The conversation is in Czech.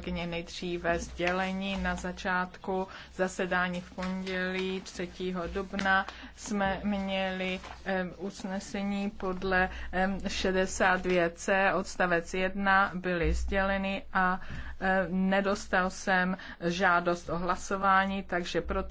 kolegyně, nejdříve sdělení na začátku zasedání v pondělí 3. dubna jsme měli um, usnesení podle um, 62c odstavec 1 byly sděleny a um, nedostal jsem žádost o hlasování, takže proto